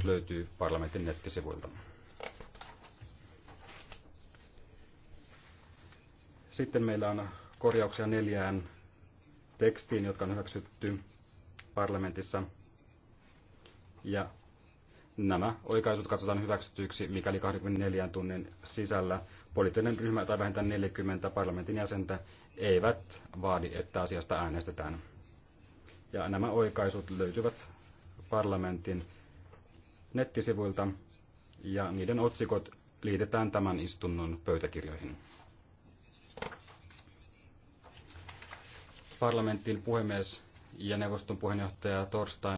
kertomus löytyy parlamentin nettisivuilta. Sitten meillä on korjauksia neljään tekstiin, jotka on hyväksytty parlamentissa. Ja nämä oikaisut katsotaan hyväksytyksi, mikäli 24 tunnin sisällä poliittinen ryhmä tai vähintään 40 parlamentin jäsentä eivät vaadi, että asiasta äänestetään. Ja nämä oikaisut löytyvät parlamentin nettisivuilta ja niiden otsikot liitetään tämän istunnon pöytäkirjoihin. Parlamentin puhemies ja neuvoston puheenjohtaja torstaina